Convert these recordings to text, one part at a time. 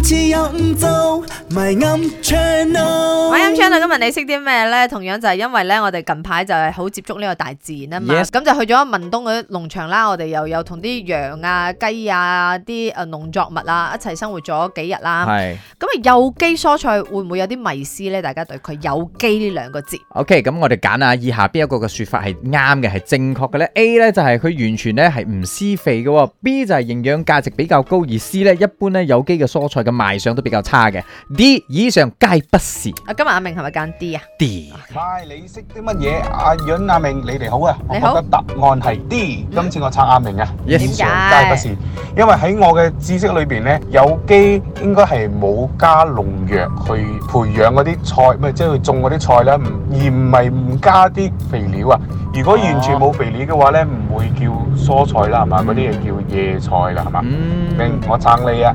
買音 channel，買音 channel。今日你識啲咩呢？同樣就係因為呢，我哋近排就係好接觸呢個大自然啊嘛。咁就去咗文東嗰啲農場啦，我哋又有同啲羊啊、雞啊、啲誒農作物啊一齊生活咗幾日啦。係。咁有機蔬菜會唔會有啲迷思呢？大家對佢有機呢兩個字？OK，咁我哋揀啊，以下邊一個嘅說法係啱嘅，係正確嘅呢。A 呢就係佢完全呢係唔施肥嘅，B 就係營養價值比較高，而 C 呢一般呢有機嘅蔬菜。嘅賣相都比較差嘅，D 以上皆不是。啊，今日阿明係咪揀 D 啊？D，嗨，你識啲乜嘢？阿潤、阿明，你哋好啊！你好，我覺得答案係 D。嗯、今次我撐阿明啊，Yes 以上皆不是。因為喺我嘅知識裏邊咧，有機應該係冇加農藥去培養嗰啲菜，咪即係種嗰啲菜啦，而唔係唔加啲肥料啊。如果完全冇肥料嘅話咧，唔、哦、會叫蔬菜啦，係嘛、嗯？嗰啲嘢叫野菜啦，係嘛？明、嗯，我撐你啊！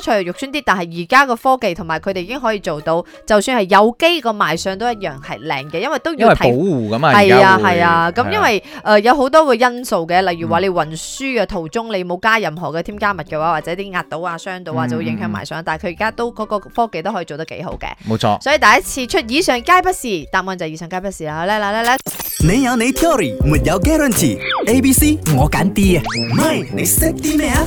出嚟肉酸啲，但係而家個科技同埋佢哋已經可以做到，就算係有機個賣相都一樣係靚嘅，因為都要保護㗎嘛。係啊係啊，咁因為誒有好多個因素嘅，例如話你運輸嘅途中你冇加任何嘅添加物嘅話，或者啲壓到啊、傷到啊，就會影響賣相。但係佢而家都嗰個科技都可以做得幾好嘅，冇錯。所以第一次出以上皆不是，答案就係以上皆不是啦。唻唻唻唻，你有你 theory，沒有 guarantee，A B C 我揀 D 啊，MY 你識啲咩啊？